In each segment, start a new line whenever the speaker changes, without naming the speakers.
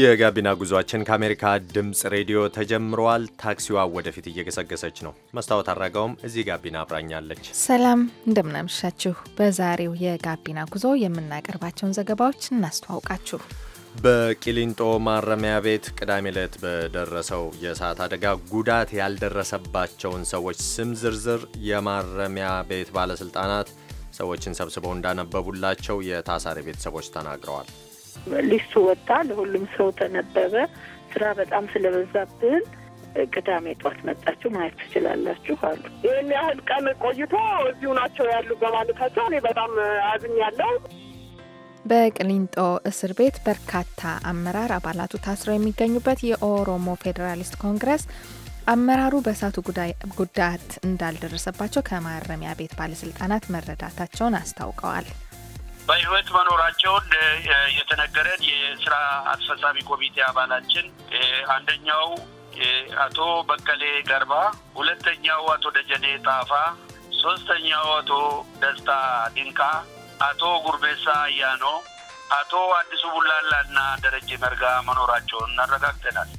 የጋቢና ጉዟችን ከአሜሪካ ድምፅ ሬዲዮ ተጀምረዋል። ታክሲዋ ወደፊት እየገሰገሰች ነው። መስታወት አድራጋውም እዚህ ጋቢና አብራኛለች።
ሰላም እንደምናመሻችሁ። በዛሬው የጋቢና ጉዞ የምናቀርባቸውን ዘገባዎች እናስተዋውቃችሁ።
በቂሊንጦ ማረሚያ ቤት ቅዳሜ ዕለት በደረሰው የእሳት አደጋ ጉዳት ያልደረሰባቸውን ሰዎች ስም ዝርዝር የማረሚያ ቤት ባለስልጣናት ሰዎችን ሰብስበው እንዳነበቡላቸው የታሳሪ ቤተሰቦች ተናግረዋል።
ሊስቱ ወጣ፣ ለሁሉም ሰው ተነበበ። ስራ በጣም ስለበዛብን ቅዳሜ ጧት መጣችሁ ማየት ትችላላችሁ አሉ።
ይህን ያህል ቀን ቆይቶ እዚሁ ናቸው ያሉ በማለታቸው እኔ በጣም አዝኛለሁ።
በቅሊንጦ እስር ቤት በርካታ አመራር አባላቱ ታስረው የሚገኙበት የኦሮሞ ፌዴራሊስት ኮንግረስ አመራሩ በእሳቱ ጉዳት እንዳልደረሰባቸው ከማረሚያ ቤት ባለስልጣናት መረዳታቸውን አስታውቀዋል።
በህይወት መኖራቸውን የተነገረን የስራ አስፈጻሚ ኮሚቴ አባላችን አንደኛው አቶ በቀሌ ገርባ፣ ሁለተኛው አቶ ደጀኔ ጣፋ፣ ሶስተኛው አቶ ደስታ ድንቃ፣ አቶ ጉርቤሳ አያኖ፣ አቶ አዲሱ ቡላላ እና ደረጀ መርጋ መኖራቸውን አረጋግጠናል።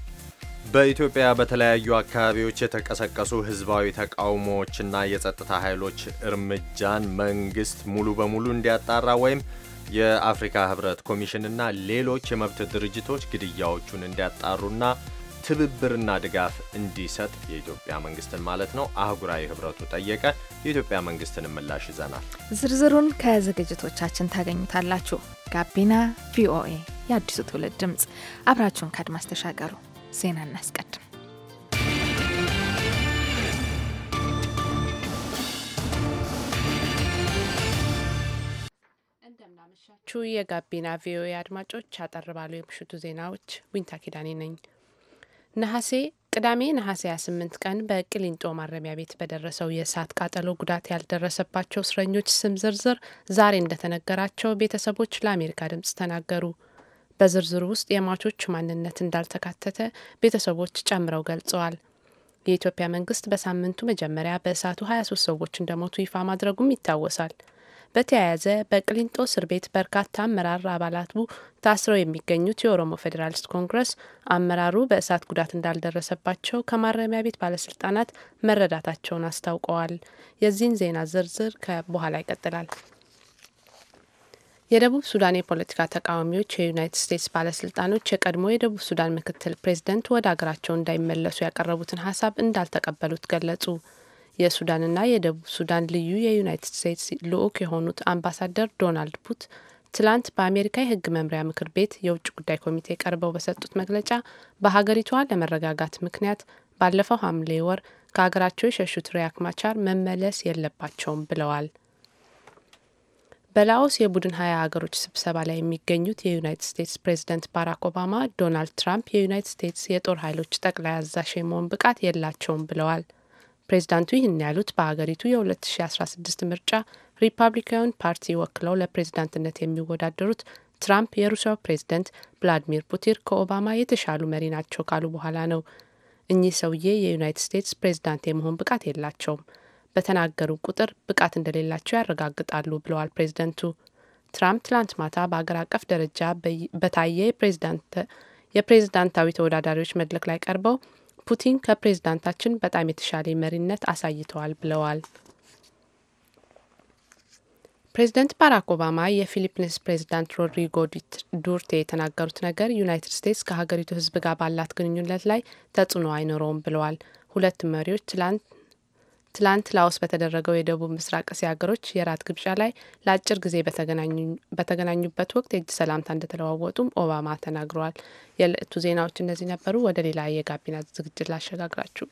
በኢትዮጵያ በተለያዩ አካባቢዎች የተቀሰቀሱ ህዝባዊ ተቃውሞዎችና የጸጥታ ኃይሎች እርምጃን መንግስት ሙሉ በሙሉ እንዲያጣራ ወይም የአፍሪካ ህብረት ኮሚሽንና ሌሎች የመብት ድርጅቶች ግድያዎቹን እንዲያጣሩና ትብብርና ድጋፍ እንዲሰጥ የኢትዮጵያ መንግስትን ማለት ነው አህጉራዊ ህብረቱ ጠየቀ። የኢትዮጵያ መንግስትን ምላሽ ይዘናል።
ዝርዝሩን ከዝግጅቶቻችን ታገኙታላችሁ። ጋቢና ቪኦኤ የአዲሱ ትውልድ ድምፅ፣ አብራችሁን ከአድማስ ተሻገሩ። ዜና እናስቀድም።
እንደምናመሻችሁ የጋቢና ቪኦኤ አድማጮች፣ አጠር ባሉ የምሽቱ ዜናዎች ዊንታ ኪዳኔ ነኝ። ነሐሴ ቅዳሜ ነሐሴ 28 ቀን በቅሊንጦ ማረሚያ ቤት በደረሰው የእሳት ቃጠሎ ጉዳት ያልደረሰባቸው እስረኞች ስም ዝርዝር ዛሬ እንደተነገራቸው ቤተሰቦች ለአሜሪካ ድምጽ ተናገሩ። በዝርዝሩ ውስጥ የሟቾቹ ማንነት እንዳልተካተተ ቤተሰቦች ጨምረው ገልጸዋል። የኢትዮጵያ መንግስት በሳምንቱ መጀመሪያ በእሳቱ 23 ሰዎች እንደሞቱ ይፋ ማድረጉም ይታወሳል። በተያያዘ በቅሊንጦ እስር ቤት በርካታ አመራር አባላቱ ታስረው የሚገኙት የኦሮሞ ፌዴራሊስት ኮንግረስ አመራሩ በእሳት ጉዳት እንዳልደረሰባቸው ከማረሚያ ቤት ባለስልጣናት መረዳታቸውን አስታውቀዋል። የዚህን ዜና ዝርዝር ከበኋላ ይቀጥላል። የደቡብ ሱዳን የፖለቲካ ተቃዋሚዎች የዩናይትድ ስቴትስ ባለስልጣኖች የቀድሞ የደቡብ ሱዳን ምክትል ፕሬዝደንት ወደ አገራቸው እንዳይመለሱ ያቀረቡትን ሀሳብ እንዳልተቀበሉት ገለጹ። የሱዳንና የደቡብ ሱዳን ልዩ የዩናይትድ ስቴትስ ልዑክ የሆኑት አምባሳደር ዶናልድ ቡት ትላንት በአሜሪካ የሕግ መምሪያ ምክር ቤት የውጭ ጉዳይ ኮሚቴ ቀርበው በሰጡት መግለጫ በሀገሪቷ ለመረጋጋት ምክንያት ባለፈው ሐምሌ ወር ከሀገራቸው የሸሹት ሪያክ ማቻር መመለስ የለባቸውም ብለዋል። በላኦስ የቡድን ሀያ ሀገሮች ስብሰባ ላይ የሚገኙት የዩናይትድ ስቴትስ ፕሬዚደንት ባራክ ኦባማ ዶናልድ ትራምፕ የዩናይትድ ስቴትስ የጦር ኃይሎች ጠቅላይ አዛዥ የመሆን ብቃት የላቸውም ብለዋል። ፕሬዚዳንቱ ይህን ያሉት በሀገሪቱ የ2016 ምርጫ ሪፐብሊካን ፓርቲ ወክለው ለፕሬዚዳንትነት የሚወዳደሩት ትራምፕ የሩሲያው ፕሬዚደንት ቭላዲሚር ፑቲን ከኦባማ የተሻሉ መሪ ናቸው ካሉ በኋላ ነው። እኚህ ሰውዬ የዩናይትድ ስቴትስ ፕሬዚዳንት የመሆን ብቃት የላቸውም በተናገሩ ቁጥር ብቃት እንደሌላቸው ያረጋግጣሉ ብለዋል ፕሬዚደንቱ። ትራምፕ ትላንት ማታ በአገር አቀፍ ደረጃ በታየ የፕሬዝዳንታዊ ተወዳዳሪዎች መድረክ ላይ ቀርበው ፑቲን ከፕሬዝዳንታችን በጣም የተሻለ መሪነት አሳይተዋል ብለዋል። ፕሬዚደንት ባራክ ኦባማ የፊሊፒንስ ፕሬዚዳንት ሮድሪጎ ዱርቴ የተናገሩት ነገር ዩናይትድ ስቴትስ ከሀገሪቱ ሕዝብ ጋር ባላት ግንኙነት ላይ ተጽዕኖ አይኖረውም ብለዋል። ሁለት መሪዎች ትላንት ትላንት ላውስ በተደረገው የደቡብ ምስራቅ እስያ ሀገሮች የራት ግብዣ ላይ ለአጭር ጊዜ በተገናኙበት ወቅት የእጅ ሰላምታ እንደተለዋወጡም ኦባማ ተናግረዋል። የዕለቱ ዜናዎች እነዚህ ነበሩ። ወደ ሌላ የጋቢና ዝግጅት ላሸጋግራችሁ።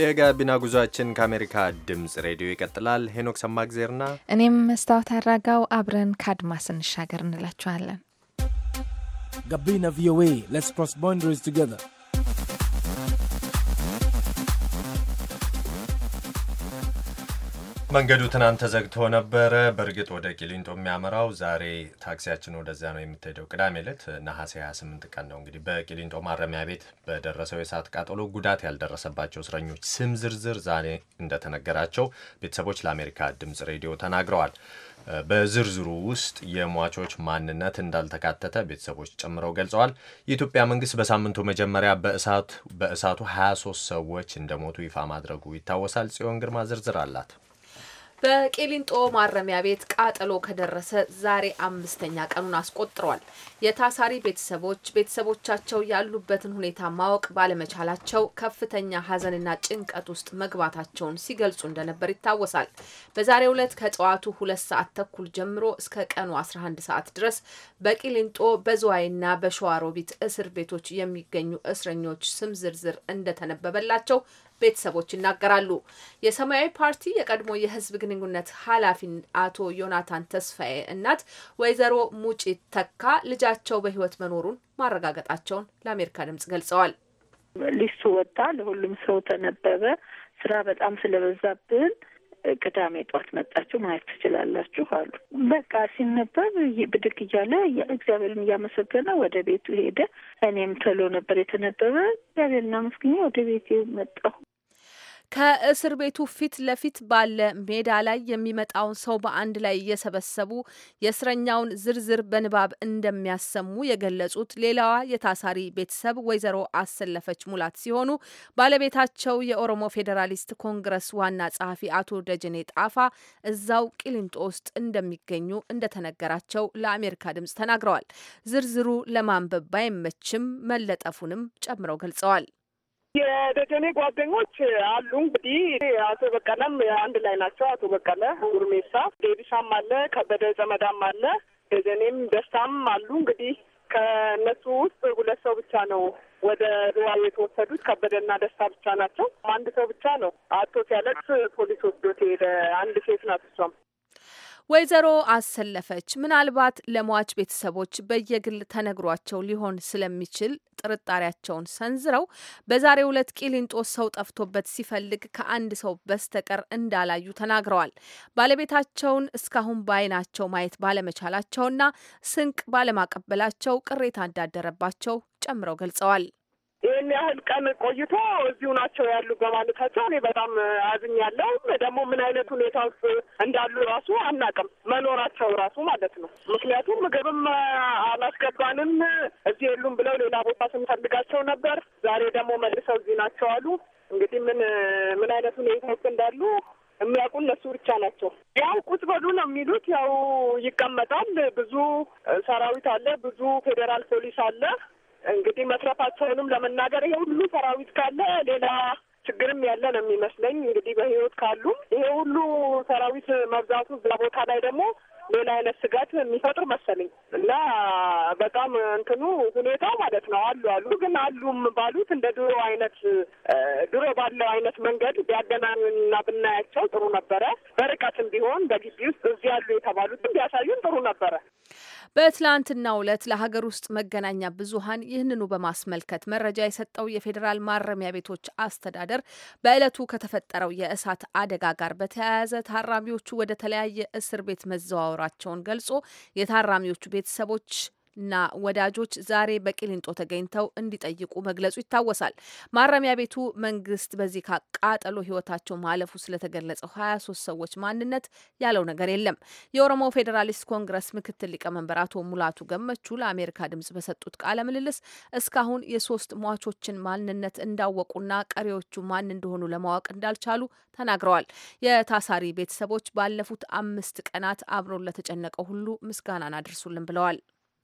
የጋቢና ጉዟችን ከአሜሪካ ድምጽ ሬዲዮ ይቀጥላል። ሄኖክ ሰማግዜርና
እኔም መስታወት አራጋው አብረን ከአድማስ እንሻገር እንላችኋለን። Gabina VOA. Let's cross boundaries together.
መንገዱ ትናንት ተዘግቶ ነበረ። በእርግጥ ወደ ቂሊንጦ የሚያመራው ዛሬ ታክሲያችን ወደዚያ ነው የምትሄደው። ቅዳሜ ዕለት ነሐሴ 28 ቀን ነው እንግዲህ በቂሊንጦ ማረሚያ ቤት በደረሰው የእሳት ቃጠሎ ጉዳት ያልደረሰባቸው እስረኞች ስም ዝርዝር ዛሬ እንደተነገራቸው ቤተሰቦች ለአሜሪካ ድምፅ ሬዲዮ ተናግረዋል። በዝርዝሩ ውስጥ የሟቾች ማንነት እንዳልተካተተ ቤተሰቦች ጨምረው ገልጸዋል። የኢትዮጵያ መንግስት በሳምንቱ መጀመሪያ በእሳቱ 23 ሰዎች እንደሞቱ ይፋ ማድረጉ ይታወሳል። ጽዮን ግርማ ዝርዝር አላት።
በቄሊንጦ ማረሚያ ቤት ቃጠሎ ከደረሰ ዛሬ አምስተኛ ቀኑን አስቆጥሯል። የታሳሪ ቤተሰቦች ቤተሰቦቻቸው ያሉበትን ሁኔታ ማወቅ ባለመቻላቸው ከፍተኛ ሐዘንና ጭንቀት ውስጥ መግባታቸውን ሲገልጹ እንደነበር ይታወሳል። በዛሬው ዕለት ከጠዋቱ ሁለት ሰዓት ተኩል ጀምሮ እስከ ቀኑ 11 ሰዓት ድረስ በቄሊንጦ በዝዋይና በሸዋሮቢት እስር ቤቶች የሚገኙ እስረኞች ስም ዝርዝር እንደተነበበላቸው ቤተሰቦች ይናገራሉ። የሰማያዊ ፓርቲ የቀድሞ የህዝብ ግንኙነት ኃላፊ አቶ ዮናታን ተስፋዬ እናት ወይዘሮ ሙጪ ተካ ልጃቸው በህይወት መኖሩን ማረጋገጣቸውን ለአሜሪካ ድምጽ
ገልጸዋል። ሊስቱ ወጣ፣ ለሁሉም ሰው ተነበበ። ስራ በጣም ስለበዛብን ቅዳሜ ጠዋት መጣችሁ ማየት ትችላላችሁ አሉ። በቃ ሲነበብ ብድግ እያለ እግዚአብሔርን እያመሰገነ ወደ ቤቱ ሄደ። እኔም ተሎ ነበር የተነበበ። እግዚአብሔርን አመስግኜ ወደ ቤቴ መጣሁ።
ከእስር ቤቱ ፊት ለፊት ባለ ሜዳ ላይ የሚመጣውን ሰው በአንድ ላይ እየሰበሰቡ የእስረኛውን ዝርዝር በንባብ እንደሚያሰሙ የገለጹት ሌላዋ የታሳሪ ቤተሰብ ወይዘሮ አሰለፈች ሙላት ሲሆኑ ባለቤታቸው የኦሮሞ ፌዴራሊስት ኮንግረስ ዋና ጸሐፊ አቶ ደጀኔ ጣፋ እዛው ቂሊንጦ ውስጥ እንደሚገኙ እንደተነገራቸው ለአሜሪካ ድምጽ ተናግረዋል። ዝርዝሩ ለማንበብ ባይመችም መለጠፉንም ጨምረው ገልጸዋል።
የደጀኔ ጓደኞች አሉ እንግዲህ አቶ በቀለም አንድ ላይ ናቸው። አቶ በቀለ ጉርሜሳ፣ ዴቢሳም አለ፣ ከበደ ዘመዳም አለ፣ ደጀኔም ደስታም አሉ። እንግዲህ ከእነሱ ውስጥ ሁለት ሰው ብቻ ነው ወደ ሩዋ የተወሰዱት ከበደና ደስታ ብቻ ናቸው። አንድ ሰው ብቻ ነው አቶ ሲያለቅስ ፖሊስ ወስዶት ሄደ። አንድ ሴት ናት እሷም
ወይዘሮ አሰለፈች ምናልባት ለሟች ቤተሰቦች በየግል ተነግሯቸው ሊሆን ስለሚችል ጥርጣሬያቸውን ሰንዝረው በዛሬው ዕለት ቂሊንጦ ሰው ጠፍቶበት ሲፈልግ ከአንድ ሰው በስተቀር እንዳላዩ ተናግረዋል። ባለቤታቸውን እስካሁን በዓይናቸው ማየት ባለመቻላቸውና ስንቅ ባለማቀበላቸው ቅሬታ እንዳደረባቸው ጨምረው ገልጸዋል።
ይህን ያህል ቀን ቆይቶ እዚሁ ናቸው ያሉ በማለታቸው እኔ በጣም አዝኛለሁ። ደግሞ ምን አይነት ሁኔታ ውስጥ እንዳሉ ራሱ አናቅም፣ መኖራቸው ራሱ ማለት ነው። ምክንያቱም ምግብም አላስገባንም፣ እዚህ የሉም ብለው ሌላ ቦታ ስንፈልጋቸው ነበር። ዛሬ ደግሞ መልሰው እዚህ ናቸው አሉ። እንግዲህ ምን ምን አይነት ሁኔታ ውስጥ እንዳሉ የሚያውቁ እነሱ ብቻ ናቸው። ያው ቁጭ በሉ ነው የሚሉት። ያው ይቀመጣል። ብዙ ሰራዊት አለ፣ ብዙ ፌዴራል ፖሊስ አለ። እንግዲህ መትረፋቸውንም ለመናገር ይሄ ሁሉ ሰራዊት ካለ ሌላ ችግርም ያለ ነው የሚመስለኝ። እንግዲህ በህይወት ካሉ ይሄ ሁሉ ሰራዊት መብዛቱ እዛ ቦታ ላይ ደግሞ ሌላ አይነት ስጋት የሚፈጥር መሰለኝ እና በጣም እንትኑ ሁኔታው ማለት ነው። አሉ አሉ ግን አሉም ባሉት እንደ ድሮ አይነት ድሮ ባለው አይነት መንገድ ቢያገናኙና ብናያቸው ጥሩ ነበረ። በርቀትም ቢሆን በግቢ ውስጥ እዚህ ያሉ የተባሉትም ቢያሳዩን ጥሩ ነበረ።
በትላንትናው ዕለት ለሀገር ውስጥ መገናኛ ብዙሃን ይህንኑ በማስመልከት መረጃ የሰጠው የፌዴራል ማረሚያ ቤቶች አስተዳደር በዕለቱ ከተፈጠረው የእሳት አደጋ ጋር በተያያዘ ታራሚዎቹ ወደ ተለያየ እስር ቤት መዘዋወራቸውን ገልጾ የታራሚዎቹ ቤተሰቦች እና ወዳጆች ዛሬ በቂሊንጦ ተገኝተው እንዲጠይቁ መግለጹ ይታወሳል። ማረሚያ ቤቱ መንግስት በዚህ ቃጠሎ ህይወታቸው ማለፉ ስለተገለጸው 23 ሰዎች ማንነት ያለው ነገር የለም። የኦሮሞ ፌዴራሊስት ኮንግረስ ምክትል ሊቀመንበር አቶ ሙላቱ ገመቹ ለአሜሪካ ድምጽ በሰጡት ቃለ ምልልስ እስካሁን የሶስት ሟቾችን ማንነት እንዳወቁና ቀሪዎቹ ማን እንደሆኑ ለማወቅ እንዳልቻሉ ተናግረዋል። የታሳሪ ቤተሰቦች ባለፉት አምስት ቀናት አብሮን ለተጨነቀው ሁሉ ምስጋናን አድርሱልን ብለዋል።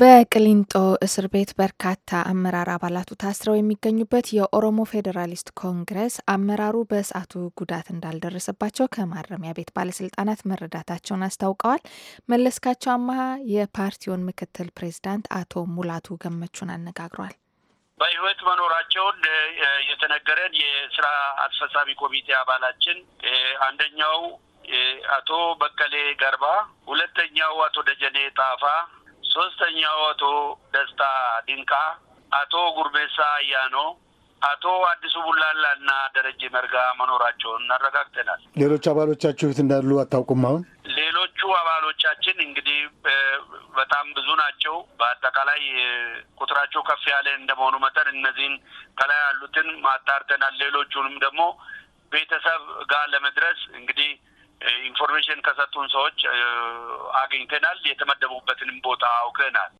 በቅሊንጦ እስር ቤት በርካታ አመራር አባላቱ ታስረው የሚገኙበት የኦሮሞ ፌዴራሊስት ኮንግረስ አመራሩ በእሳቱ ጉዳት እንዳልደረሰባቸው ከማረሚያ ቤት ባለስልጣናት መረዳታቸውን አስታውቀዋል። መለስካቸው አመሀ የፓርቲውን ምክትል ፕሬዚዳንት አቶ ሙላቱ ገመቹን አነጋግሯል።
በህይወት መኖራቸውን የተነገረን የስራ አስፈጻሚ ኮሚቴ አባላችን አንደኛው አቶ በቀሌ ገርባ፣ ሁለተኛው አቶ ደጀኔ ጣፋ ሶስተኛው አቶ ደስታ ድንቃ አቶ ጉርቤሳ አያኖ፣ አቶ አዲሱ ቡላላ እና ደረጀ መርጋ መኖራቸውን አረጋግጠናል።
ሌሎች አባሎቻችሁ የት እንዳሉ አታውቁም? አሁን
ሌሎቹ አባሎቻችን እንግዲህ በጣም ብዙ ናቸው። በአጠቃላይ ቁጥራቸው ከፍ ያለ እንደመሆኑ መጠን እነዚህን ከላይ ያሉትን ማጣርተናል። ሌሎቹንም ደግሞ ቤተሰብ ጋር ለመድረስ እንግዲህ ኢንፎርሜሽን ከሰጡን ሰዎች አግኝተናል። የተመደቡበትንም ቦታ አውቀናል።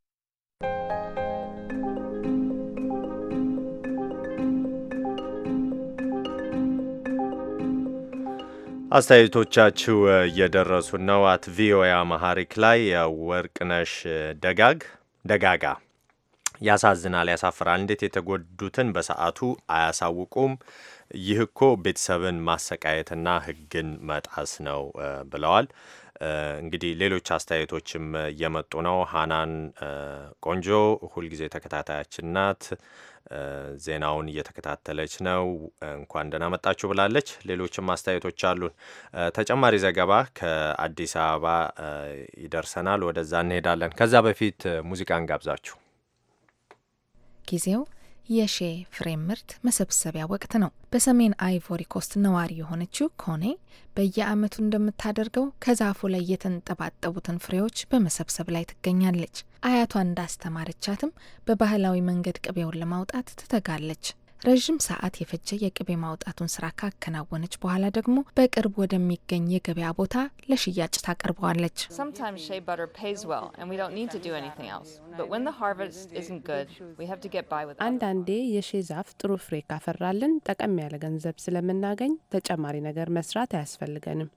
አስተያየቶቻችሁ እየደረሱ ነው። አት ቪኦኤ አማሃሪክ ላይ የወርቅነሽ ደጋግ ደጋጋ ያሳዝናል፣ ያሳፍራል። እንዴት የተጎዱትን በሰዓቱ አያሳውቁም? ይህ እኮ ቤተሰብን ማሰቃየትና ህግን መጣስ ነው ብለዋል። እንግዲህ ሌሎች አስተያየቶችም እየመጡ ነው። ሀናን ቆንጆ ሁልጊዜ ተከታታያችን ናት። ዜናውን እየተከታተለች ነው። እንኳን ደህና መጣችሁ ብላለች። ሌሎችም አስተያየቶች አሉን። ተጨማሪ ዘገባ ከአዲስ አበባ ይደርሰናል። ወደዛ እንሄዳለን። ከዛ በፊት ሙዚቃ እንጋብዛችሁ
ጊዜው የሼ ፍሬ ምርት መሰብሰቢያ ወቅት ነው። በሰሜን አይቮሪ ኮስት ነዋሪ የሆነችው ኮኔ በየዓመቱ እንደምታደርገው ከዛፉ ላይ የተንጠባጠቡትን ፍሬዎች በመሰብሰብ ላይ ትገኛለች። አያቷ እንዳስተማረቻትም በባህላዊ መንገድ ቅቤውን ለማውጣት ትተጋለች። ረዥም ሰዓት የፈጀ የቅቤ ማውጣቱን ስራ ካከናወነች በኋላ ደግሞ በቅርብ ወደሚገኝ የገበያ ቦታ ለሽያጭ ታቀርበዋለች።
አንዳንዴ የሼ ዛፍ ጥሩ ፍሬ ካፈራልን ጠቀም ያለ ገንዘብ ስለምናገኝ ተጨማሪ ነገር መስራት አያስፈልገንም።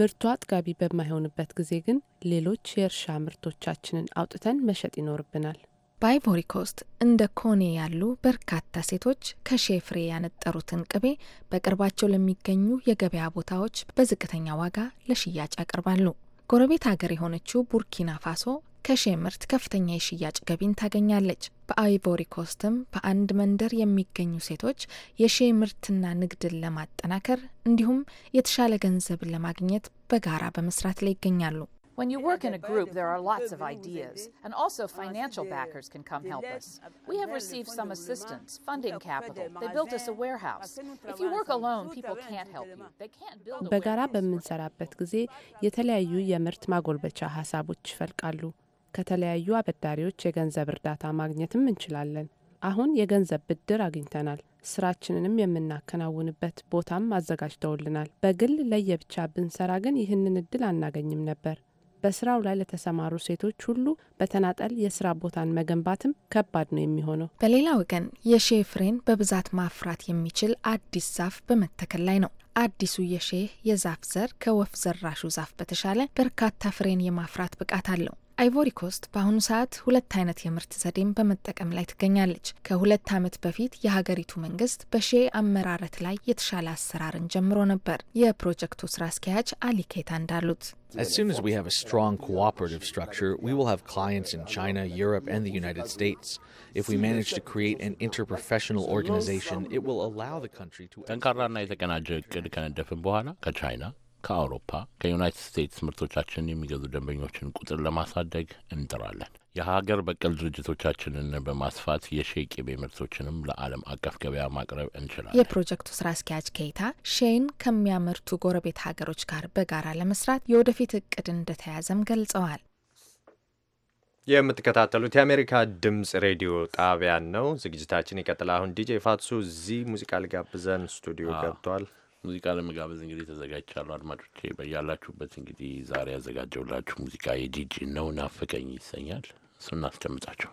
ምርቱ አጥጋቢ በማይሆንበት ጊዜ ግን ሌሎች የእርሻ ምርቶቻችንን አውጥተን መሸጥ ይኖርብናል።
በአይቮሪ ኮስት እንደ ኮኔ ያሉ በርካታ ሴቶች ከሼ ፍሬ ያነጠሩትን ቅቤ በቅርባቸው ለሚገኙ የገበያ ቦታዎች በዝቅተኛ ዋጋ ለሽያጭ ያቀርባሉ። ጎረቤት ሀገር የሆነችው ቡርኪና ፋሶ ከሼ ምርት ከፍተኛ የሽያጭ ገቢን ታገኛለች። በአይቮሪ ኮስትም በአንድ መንደር የሚገኙ ሴቶች የሼ ምርትና ንግድን ለማጠናከር እንዲሁም የተሻለ ገንዘብን ለማግኘት በጋራ በመስራት ላይ ይገኛሉ።
When you work in a group, there are lots of ideas, and also financial backers can come help us. We have received some assistance, funding capital. They built us a warehouse.
If you work alone, people can't help you. They can't
build a በጋራ በምንሰራበት ጊዜ የተለያዩ የምርት ማጎልበቻ ሀሳቦች ይፈልቃሉ። ከተለያዩ አበዳሪዎች የገንዘብ እርዳታ ማግኘትም እንችላለን። አሁን የገንዘብ ብድር አግኝተናል። ስራችንንም የምናከናውንበት ቦታም አዘጋጅተውልናል። በግል ለየብቻ ብንሰራ ግን ይህንን እድል አናገኝም ነበር። በስራው ላይ ለተሰማሩ ሴቶች ሁሉ በተናጠል የስራ ቦታን
መገንባትም ከባድ ነው የሚሆነው። በሌላ ወገን የሼህ ፍሬን በብዛት ማፍራት የሚችል አዲስ ዛፍ በመተከል ላይ ነው። አዲሱ የሼህ የዛፍ ዘር ከወፍ ዘራሹ ዛፍ በተሻለ በርካታ ፍሬን የማፍራት ብቃት አለው። አይቮሪ ኮስት በአሁኑ ሰዓት ሁለት አይነት የምርት ዘዴም በመጠቀም ላይ ትገኛለች። ከሁለት ዓመት በፊት የሀገሪቱ መንግስት በሼ አመራረት ላይ የተሻለ አሰራርን ጀምሮ ነበር። የፕሮጀክቱ ስራ አስኪያጅ አሊኬታ እንዳሉት As soon as we have a strong cooperative structure, we will have clients in China, Europe, and the United States. If we manage to create an interprofessional organization, it will allow the country to...
ጠንካራና የተቀናጀ እቅድ ከነደፍን በኋላ ከቻይና ከአውሮፓ ከዩናይትድ ስቴትስ ምርቶቻችን የሚገዙ ደንበኞችን ቁጥር ለማሳደግ እንጥራለን። የሀገር በቀል ድርጅቶቻችንን በማስፋት የሼ ቅቤ ምርቶችንም ለዓለም አቀፍ ገበያ ማቅረብ እንችላለን።
የፕሮጀክቱ ስራ አስኪያጅ ኬይታ ሼን ከሚያመርቱ ጎረቤት ሀገሮች ጋር በጋራ ለመስራት የወደፊት እቅድ እንደተያዘም ገልጸዋል።
የምትከታተሉት የአሜሪካ ድምፅ ሬዲዮ ጣቢያን ነው። ዝግጅታችን ይቀጥላል። አሁን ዲጄ ፋትሱ እዚህ ሙዚቃ ሊጋብዘን ስቱዲዮ ገብቷል። ሙዚቃ ለመጋበዝ እንግዲህ ተዘጋጅቻለሁ። አድማጮቼ በያላችሁበት እንግዲህ
ዛሬ ያዘጋጀውላችሁ ሙዚቃ የጂጂ ነው ናፍቀኝ ይሰኛል።
እሱ እናስደምጣቸው።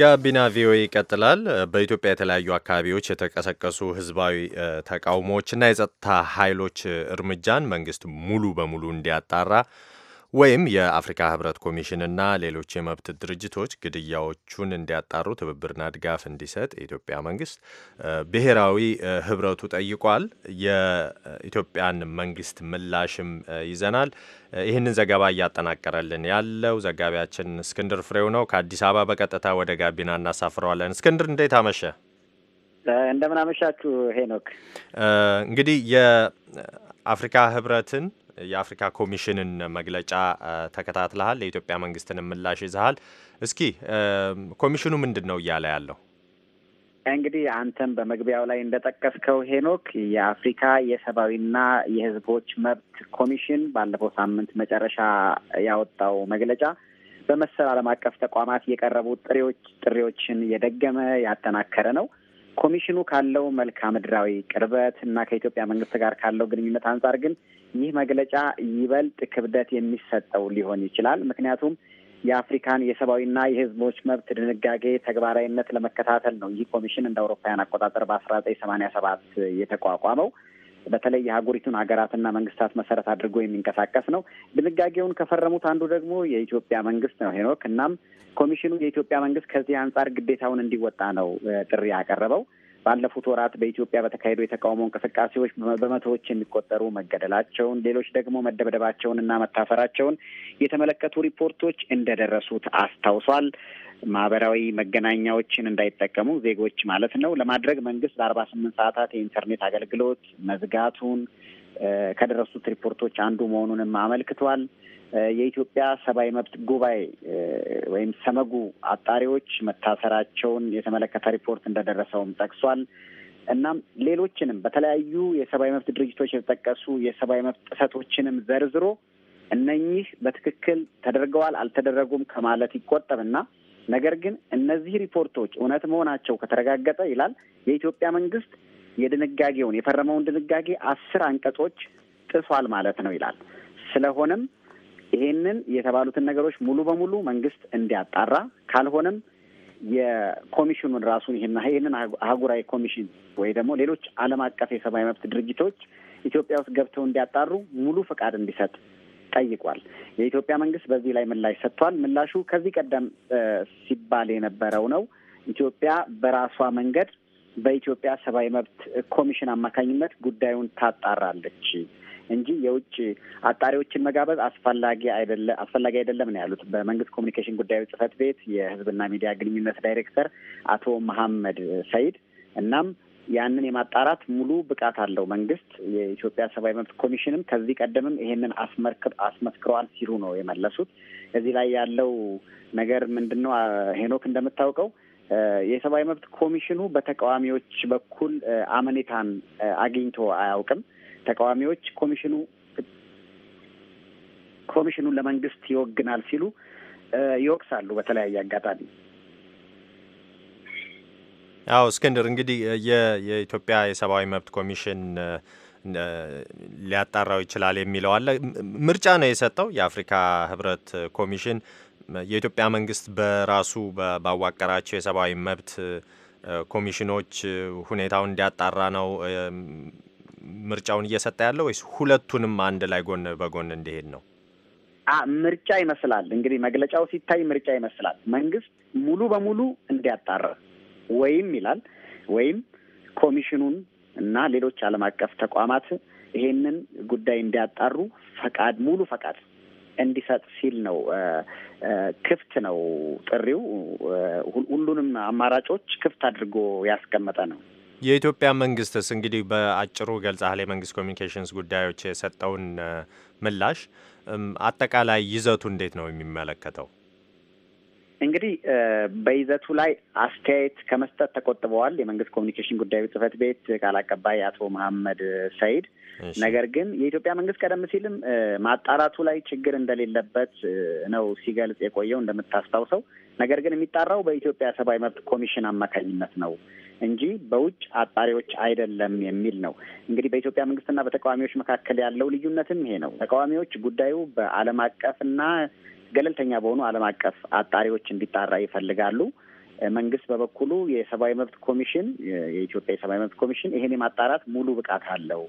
ጋቢና ቪኦኤ ይቀጥላል። በኢትዮጵያ የተለያዩ አካባቢዎች የተቀሰቀሱ ህዝባዊ ተቃውሞዎችና የጸጥታ ኃይሎች እርምጃን መንግስት ሙሉ በሙሉ እንዲያጣራ ወይም የአፍሪካ ህብረት ኮሚሽንና ሌሎች የመብት ድርጅቶች ግድያዎቹን እንዲያጣሩ ትብብርና ድጋፍ እንዲሰጥ የኢትዮጵያ መንግስት ብሔራዊ ህብረቱ ጠይቋል። የኢትዮጵያን መንግስት ምላሽም ይዘናል። ይህንን ዘገባ እያጠናቀረልን ያለው ዘጋቢያችን እስክንድር ፍሬው ነው። ከአዲስ አበባ በቀጥታ ወደ ጋቢና እናሳፍረዋለን። እስክንድር እንዴት አመሸ?
እንደምን አመሻችሁ ሄኖክ።
እንግዲህ የአፍሪካ ህብረትን የአፍሪካ ኮሚሽንን መግለጫ ተከታትለሃል፣ የኢትዮጵያ መንግስትንም ምላሽ ይዘሃል። እስኪ ኮሚሽኑ ምንድን ነው እያለ ያለው?
እንግዲህ አንተም በመግቢያው ላይ እንደጠቀስከው ሄኖክ የአፍሪካ የሰብአዊና የህዝቦች መብት ኮሚሽን ባለፈው ሳምንት መጨረሻ ያወጣው መግለጫ በመሰል ዓለም አቀፍ ተቋማት የቀረቡ ጥሪዎች ጥሪዎችን የደገመ ያጠናከረ ነው። ኮሚሽኑ ካለው መልክዓ ምድራዊ ቅርበት እና ከኢትዮጵያ መንግስት ጋር ካለው ግንኙነት አንጻር ግን ይህ መግለጫ ይበልጥ ክብደት የሚሰጠው ሊሆን ይችላል። ምክንያቱም የአፍሪካን የሰብአዊና የህዝቦች መብት ድንጋጌ ተግባራዊነት ለመከታተል ነው። ይህ ኮሚሽን እንደ አውሮፓውያን አቆጣጠር በአስራ ዘጠኝ ሰማኒያ ሰባት የተቋቋመው በተለይ የሀገሪቱን ሀገራትና መንግስታት መሰረት አድርጎ የሚንቀሳቀስ ነው። ድንጋጌውን ከፈረሙት አንዱ ደግሞ የኢትዮጵያ መንግስት ነው ሄኖክ። እናም ኮሚሽኑ የኢትዮጵያ መንግስት ከዚህ አንጻር ግዴታውን እንዲወጣ ነው ጥሪ ያቀረበው። ባለፉት ወራት በኢትዮጵያ በተካሄዱ የተቃውሞ እንቅስቃሴዎች በመቶዎች የሚቆጠሩ መገደላቸውን፣ ሌሎች ደግሞ እና መታፈራቸውን የተመለከቱ ሪፖርቶች እንደደረሱት አስታውሷል። ማህበራዊ መገናኛዎችን እንዳይጠቀሙ ዜጎች ማለት ነው ለማድረግ መንግስት ለአርባ ስምንት ሰዓታት የኢንተርኔት አገልግሎት መዝጋቱን ከደረሱት ሪፖርቶች አንዱ መሆኑንም አመልክቷል። የኢትዮጵያ ሰብአዊ መብት ጉባኤ ወይም ሰመጉ አጣሪዎች መታሰራቸውን የተመለከተ ሪፖርት እንደደረሰውም ጠቅሷል። እናም ሌሎችንም በተለያዩ የሰብአዊ መብት ድርጅቶች የተጠቀሱ የሰብአዊ መብት ጥሰቶችንም ዘርዝሮ እነኚህ በትክክል ተደርገዋል አልተደረጉም ከማለት ይቆጠብና ነገር ግን እነዚህ ሪፖርቶች እውነት መሆናቸው ከተረጋገጠ ይላል የኢትዮጵያ መንግስት የድንጋጌውን የፈረመውን ድንጋጌ አስር አንቀጾች ጥሷል ማለት ነው ይላል። ስለሆነም ይሄንን የተባሉትን ነገሮች ሙሉ በሙሉ መንግስት እንዲያጣራ ካልሆነም የኮሚሽኑን ራሱን ይህንን አህጉራዊ ኮሚሽን ወይ ደግሞ ሌሎች ዓለም አቀፍ የሰብአዊ መብት ድርጅቶች ኢትዮጵያ ውስጥ ገብተው እንዲያጣሩ ሙሉ ፈቃድ እንዲሰጥ ጠይቋል። የኢትዮጵያ መንግስት በዚህ ላይ ምላሽ ሰጥቷል። ምላሹ ከዚህ ቀደም ሲባል የነበረው ነው። ኢትዮጵያ በራሷ መንገድ በኢትዮጵያ ሰብአዊ መብት ኮሚሽን አማካኝነት ጉዳዩን ታጣራለች እንጂ የውጭ አጣሪዎችን መጋበዝ አስፈላጊ አይደለ አስፈላጊ አይደለም ነው ያሉት በመንግስት ኮሚኒኬሽን ጉዳዮች ጽህፈት ቤት የህዝብና ሚዲያ ግንኙነት ዳይሬክተር አቶ መሐመድ ሰይድ። እናም ያንን የማጣራት ሙሉ ብቃት አለው መንግስት። የኢትዮጵያ ሰብአዊ መብት ኮሚሽንም ከዚህ ቀደምም ይሄንን አስመስክረዋል ሲሉ ነው የመለሱት። እዚህ ላይ ያለው ነገር ምንድን ነው? ሄኖክ እንደምታውቀው የሰብአዊ መብት ኮሚሽኑ በተቃዋሚዎች በኩል አመኔታን አግኝቶ አያውቅም። ተቃዋሚዎች ኮሚሽኑ ኮሚሽኑን ለመንግስት ይወግናል ሲሉ ይወቅሳሉ በተለያየ አጋጣሚ።
አዎ እስክንድር፣ እንግዲህ የኢትዮጵያ የሰብአዊ መብት ኮሚሽን ሊያጣራው ይችላል የሚለው አለ። ምርጫ ነው የሰጠው የአፍሪካ ህብረት ኮሚሽን የኢትዮጵያ መንግስት በራሱ ባዋቀራቸው የሰብአዊ መብት ኮሚሽኖች ሁኔታውን እንዲያጣራ ነው ምርጫውን እየሰጠ ያለው ወይስ ሁለቱንም አንድ ላይ ጎን በጎን እንዲሄድ ነው?
ምርጫ ይመስላል እንግዲህ መግለጫው ሲታይ ምርጫ ይመስላል። መንግስት ሙሉ በሙሉ እንዲያጣራ ወይም ይላል ወይም ኮሚሽኑን እና ሌሎች ዓለም አቀፍ ተቋማት ይሄንን ጉዳይ እንዲያጣሩ ፈቃድ ሙሉ ፈቃድ እንዲሰጥ ሲል ነው። ክፍት ነው ጥሪው። ሁሉንም አማራጮች ክፍት አድርጎ ያስቀመጠ ነው።
የኢትዮጵያ መንግስትስ እንግዲህ በአጭሩ ገልጸሃል፣ የመንግስት ኮሚኒኬሽንስ ጉዳዮች የሰጠውን ምላሽ አጠቃላይ ይዘቱ እንዴት ነው የሚመለከተው?
እንግዲህ በይዘቱ ላይ አስተያየት ከመስጠት ተቆጥበዋል። የመንግስት ኮሚኒኬሽን ጉዳዩ ጽህፈት ቤት ቃል አቀባይ አቶ መሐመድ ሰይድ። ነገር ግን የኢትዮጵያ መንግስት ቀደም ሲልም ማጣራቱ ላይ ችግር እንደሌለበት ነው ሲገልጽ የቆየው እንደምታስታውሰው። ነገር ግን የሚጣራው በኢትዮጵያ ሰብአዊ መብት ኮሚሽን አማካኝነት ነው። እንጂ በውጭ አጣሪዎች አይደለም የሚል ነው። እንግዲህ በኢትዮጵያ መንግስትና በተቃዋሚዎች መካከል ያለው ልዩነትም ይሄ ነው። ተቃዋሚዎች ጉዳዩ በዓለም አቀፍና ገለልተኛ በሆኑ ዓለም አቀፍ አጣሪዎች እንዲጣራ ይፈልጋሉ። መንግስት በበኩሉ የሰብአዊ መብት ኮሚሽን የኢትዮጵያ የሰብአዊ መብት ኮሚሽን ይሄን የማጣራት ሙሉ ብቃት አለው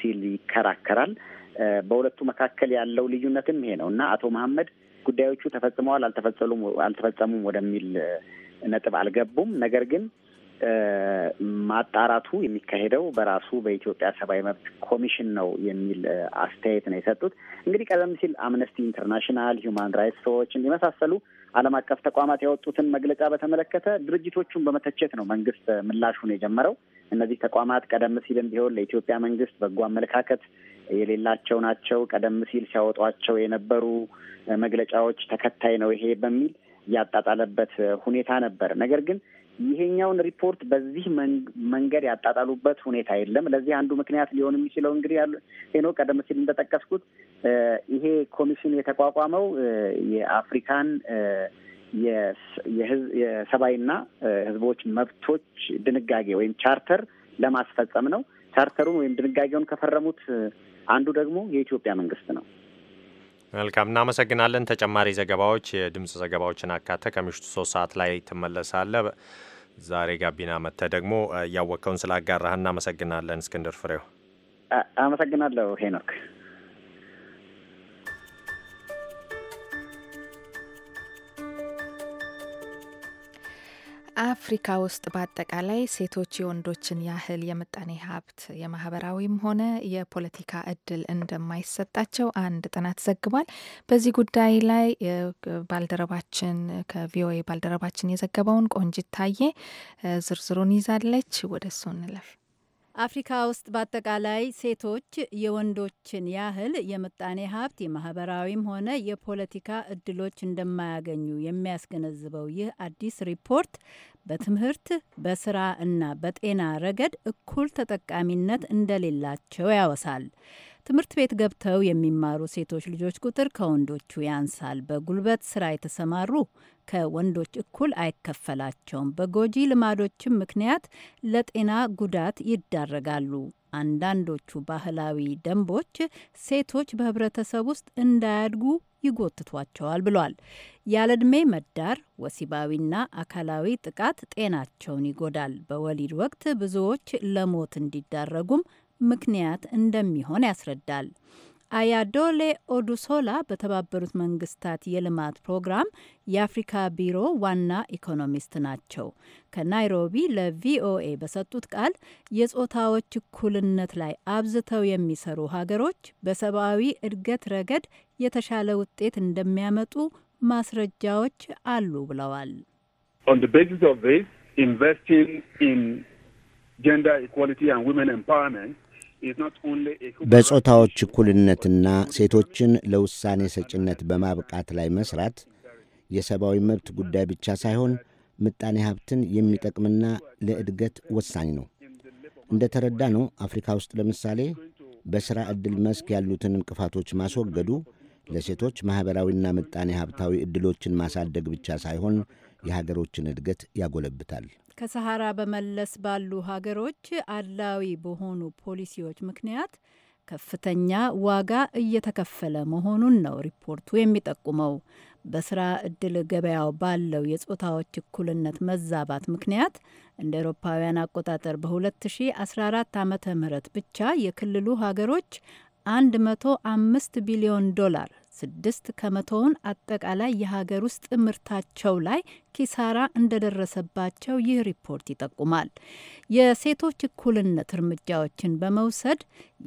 ሲል ይከራከራል። በሁለቱ መካከል ያለው ልዩነትም ይሄ ነው እና አቶ መሀመድ ጉዳዮቹ ተፈጽመዋል፣ አልተፈጸሙም ወደሚል ነጥብ አልገቡም። ነገር ግን ማጣራቱ የሚካሄደው በራሱ በኢትዮጵያ ሰብአዊ መብት ኮሚሽን ነው የሚል አስተያየት ነው የሰጡት። እንግዲህ ቀደም ሲል አምነስቲ ኢንተርናሽናል፣ ሂውማን ራይትስ ዎች የመሳሰሉ ዓለም አቀፍ ተቋማት ያወጡትን መግለጫ በተመለከተ ድርጅቶቹን በመተቸት ነው መንግስት ምላሹን የጀመረው። እነዚህ ተቋማት ቀደም ሲልም ቢሆን ለኢትዮጵያ መንግስት በጎ አመለካከት የሌላቸው ናቸው፣ ቀደም ሲል ሲያወጧቸው የነበሩ መግለጫዎች ተከታይ ነው ይሄ በሚል ያጣጣለበት ሁኔታ ነበር። ነገር ግን ይሄኛውን ሪፖርት በዚህ መንገድ ያጣጣሉበት ሁኔታ የለም። ለዚህ አንዱ ምክንያት ሊሆን የሚችለው እንግዲህ ያሉ ሄኖ ቀደም ሲል እንደጠቀስኩት ይሄ ኮሚሽን የተቋቋመው የአፍሪካን የሰብአዊና ሕዝቦች መብቶች ድንጋጌ ወይም ቻርተር ለማስፈጸም ነው። ቻርተሩን ወይም ድንጋጌውን ከፈረሙት አንዱ ደግሞ የኢትዮጵያ መንግስት ነው።
መልካም እናመሰግናለን። ተጨማሪ ዘገባዎች፣ የድምፅ ዘገባዎችን አካተ ከምሽቱ ሶስት ሰዓት ላይ ትመለሳለ። ዛሬ ጋቢና መተ ደግሞ እያወቀውን ስላጋራህ እናመሰግናለን። እስክንድር
ፍሬው አመሰግናለሁ ሄኖክ።
አፍሪካ ውስጥ በአጠቃላይ ሴቶች የወንዶችን ያህል የምጣኔ ሀብት የማህበራዊም ሆነ የፖለቲካ እድል እንደማይሰጣቸው አንድ ጥናት ዘግቧል። በዚህ ጉዳይ ላይ ባልደረባችን ከቪኦኤ ባልደረባችን የዘገበውን ቆንጂት ታዬ ዝርዝሩን ይዛለች። ወደ እሱ እንለፍ።
አፍሪካ ውስጥ በአጠቃላይ ሴቶች የወንዶችን ያህል የምጣኔ ሀብት የማህበራዊም ሆነ የፖለቲካ እድሎች እንደማያገኙ የሚያስገነዝበው ይህ አዲስ ሪፖርት በትምህርት፣ በስራ እና በጤና ረገድ እኩል ተጠቃሚነት እንደሌላቸው ያወሳል። ትምህርት ቤት ገብተው የሚማሩ ሴቶች ልጆች ቁጥር ከወንዶቹ ያንሳል። በጉልበት ስራ የተሰማሩ ከወንዶች እኩል አይከፈላቸውም። በጎጂ ልማዶችም ምክንያት ለጤና ጉዳት ይዳረጋሉ። አንዳንዶቹ ባህላዊ ደንቦች ሴቶች በህብረተሰብ ውስጥ እንዳያድጉ ይጎትቷቸዋል ብሏል። ያለዕድሜ መዳር፣ ወሲባዊና አካላዊ ጥቃት ጤናቸውን ይጎዳል። በወሊድ ወቅት ብዙዎች ለሞት እንዲዳረጉም ምክንያት እንደሚሆን ያስረዳል። አያዶሌ ኦዱሶላ በተባበሩት መንግስታት የልማት ፕሮግራም የአፍሪካ ቢሮ ዋና ኢኮኖሚስት ናቸው። ከናይሮቢ ለቪኦኤ በሰጡት ቃል የጾታዎች እኩልነት ላይ አብዝተው የሚሰሩ ሀገሮች በሰብአዊ እድገት ረገድ የተሻለ ውጤት እንደሚያመጡ ማስረጃዎች አሉ ብለዋል።
ኢንቨስቲንግ ኢን ጀንደር ኢኳሊቲ ኤንድ ዊመን ኤምፓወርመንት
በጾታዎች እኩልነትና ሴቶችን ለውሳኔ ሰጭነት በማብቃት ላይ መስራት የሰብአዊ መብት ጉዳይ ብቻ ሳይሆን ምጣኔ ሀብትን የሚጠቅምና ለእድገት ወሳኝ ነው። እንደ ተረዳ ነው አፍሪካ ውስጥ ለምሳሌ በሥራ ዕድል መስክ ያሉትን እንቅፋቶች ማስወገዱ ለሴቶች ማኅበራዊና ምጣኔ ሀብታዊ ዕድሎችን ማሳደግ ብቻ ሳይሆን የሀገሮችን እድገት ያጎለብታል።
ከሰሃራ በመለስ ባሉ ሀገሮች አድላዊ በሆኑ ፖሊሲዎች ምክንያት ከፍተኛ ዋጋ እየተከፈለ መሆኑን ነው ሪፖርቱ የሚጠቁመው። በስራ እድል ገበያው ባለው የጾታዎች እኩልነት መዛባት ምክንያት እንደ ኤሮፓውያን አቆጣጠር በ2014 ዓ ም ብቻ የክልሉ ሀገሮች 105 ቢሊዮን ዶላር ስድስት ከመቶውን አጠቃላይ የሀገር ውስጥ ምርታቸው ላይ ኪሳራ እንደደረሰባቸው ይህ ሪፖርት ይጠቁማል። የሴቶች እኩልነት እርምጃዎችን በመውሰድ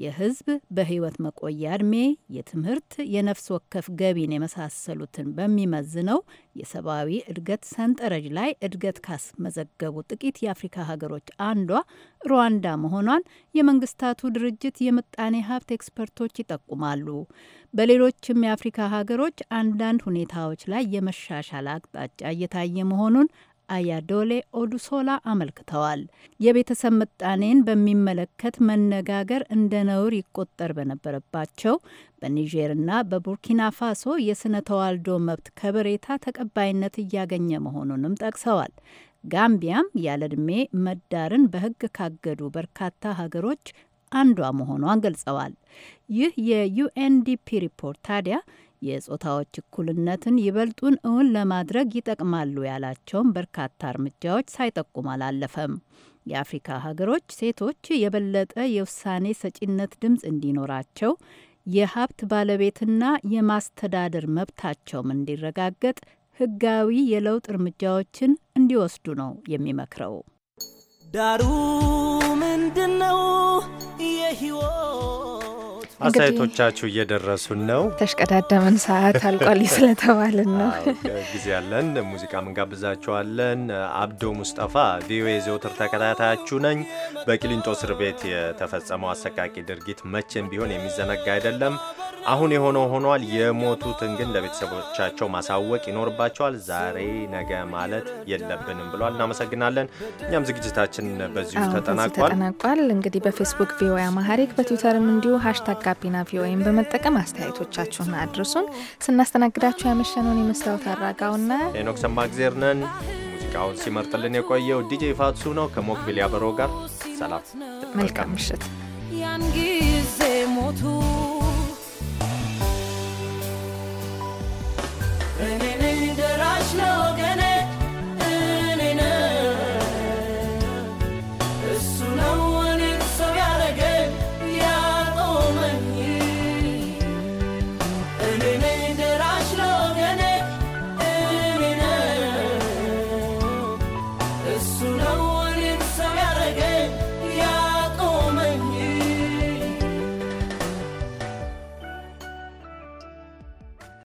የህዝብ በህይወት መቆያ እድሜ፣ የትምህርት፣ የነፍስ ወከፍ ገቢን የመሳሰሉትን በሚመዝነው የሰብአዊ እድገት ሰንጠረዥ ላይ እድገት ካስመዘገቡ ጥቂት የአፍሪካ ሀገሮች አንዷ ሩዋንዳ መሆኗን የመንግስታቱ ድርጅት የምጣኔ ሀብት ኤክስፐርቶች ይጠቁማሉ። በሌሎችም የአፍሪካ ሀገሮች አንዳንድ ሁኔታዎች ላይ የመሻሻል አቅጣጫ እየታየ መሆኑን አያዶሌ ኦዱሶላ አመልክተዋል። የቤተሰብ ምጣኔን በሚመለከት መነጋገር እንደ ነውር ይቆጠር በነበረባቸው በኒጀርና በቡርኪና ፋሶ የስነ ተዋልዶ መብት ከበሬታ ተቀባይነት እያገኘ መሆኑንም ጠቅሰዋል። ጋምቢያም ያለዕድሜ መዳርን በሕግ ካገዱ በርካታ ሀገሮች አንዷ መሆኗን ገልጸዋል። ይህ የዩኤንዲፒ ሪፖርት ታዲያ የጾታዎች እኩልነትን ይበልጡን እውን ለማድረግ ይጠቅማሉ ያላቸውን በርካታ እርምጃዎች ሳይጠቁም አላለፈም። የአፍሪካ ሀገሮች ሴቶች የበለጠ የውሳኔ ሰጪነት ድምፅ እንዲኖራቸው የሀብት ባለቤትና የማስተዳደር መብታቸውም እንዲረጋገጥ ሕጋዊ የለውጥ እርምጃዎችን እንዲወስዱ ነው የሚመክረው። ዳሩ ምንድን ነው የህይወት አስተያየቶቻችሁ
እየደረሱን ነው።
ተሽቀዳደመን
ሰዓት
አልቋል ስለተባልን ነው ጊዜ ያለን ሙዚቃ እንጋብዛችኋለን። አብዶ ሙስጠፋ ቪኦኤ ዘውትር ተከታታያችሁ ነኝ። በቂሊንጦ እስር ቤት የተፈጸመው አሰቃቂ ድርጊት መቼም ቢሆን የሚዘነጋ አይደለም። አሁን የሆነው ሆኗል። የሞቱትን ግን ለቤተሰቦቻቸው ማሳወቅ ይኖርባቸዋል። ዛሬ ነገ ማለት የለብንም ብሏል። እናመሰግናለን። እኛም ዝግጅታችን በዚሁ ተጠናቋል
እንግዲህ በፌስቡክ ቪኦኤ አማሃሪክ በትዊተርም እንዲሁ ሀሽታግ ጋቢና ቪኦኤን በመጠቀም አስተያየቶቻችሁን አድርሱን። ስናስተናግዳችሁ ያመሸነውን የመስታወት አራጋውና
ሄኖክ ሰማግዜር ነን። ሙዚቃውን ሲመርጥልን የቆየው ዲጄ ፋትሱ ነው ከሞክቢል ያበረው ጋር ሰላም፣ መልካም ምሽት
ያን ጊዜ ሞቱ